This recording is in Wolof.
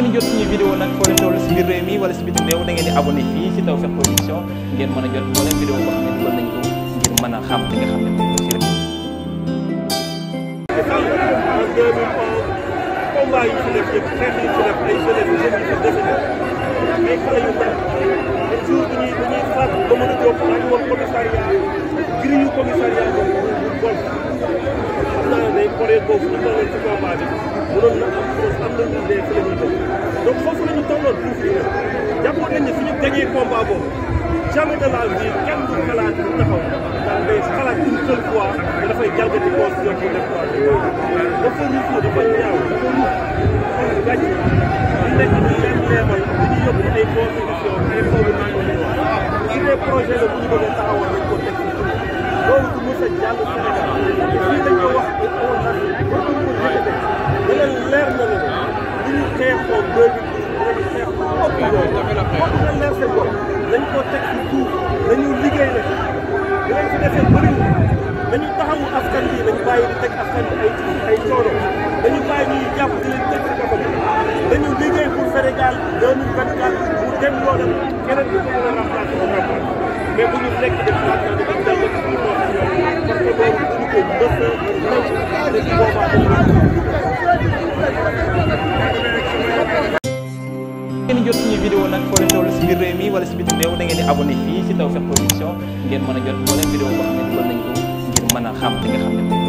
ngeen jot suñu vidéo nag foo leen toll si biir réew mi wala si biti réew da ngeen di abonné fii si Tawfekh Production ngeen mën a jot moo leen vidéo boo xam ne dugal nañ ko ngir mën a xam li nga xam ne moom la rek. combat yi fi def yëpp xeex yi fi def ay jeunes yu jeunes yu defe na ay xale yu ndaw te jour bi ñuy dañuy faat ba mën a jóg daañu wax commissariat grille yu commissariat boobu bon xam naa ne Corée boobu ñu tolloon ci combat bi mënoon na am am na lu dee fële ñu def donc foofu la ñu tolloon pour fii la jàppoon nañ ne suñu gagné combat boobu jamais de la vie kenn du xalaat du taxaw daal day xalaat une seule fois que dafay jalgati constitution bi def quoi dafa ruusu dafa ñaaw dafa ruus xol gàcc di nekk di leen leemal di ñu yóbbu ay constitution ay foofu naa ko wax su dee projet la bu ñu bëgg a taxawal dañ ko teg loolu du mos a jàll Sénégal fii dañ ko wax au national xeexoo mbéy mi dinañ xeexoo ëpp yooyu kon nga leer seen bopp nañ ko teg ci suuf nañu liggéey nag dinañ fi defee bëriwul nañu taxawu askan bi nañu bàyyi di teg askan bi ay ay coono nañu bàyyi ñuy jàpp di leen teg ci boppam nañu liggéey pour Sénégal 2024 mu dem yoonam keneen bi ko mën a remplacer ko remplacer mais bu ñu nekk def fàttali dañu dellu ci suñu bopp parce que loolu dañu ko mës a ndaw te su boobaa dañu ngeen jot suñu vidéo nag foo leen toll si biir réew mi si bitim réew da ngeen di abonné fii si Tawfekh Production ngeen mën jot moo leen vidéo boo xam ne dugal nañ ko ngir mën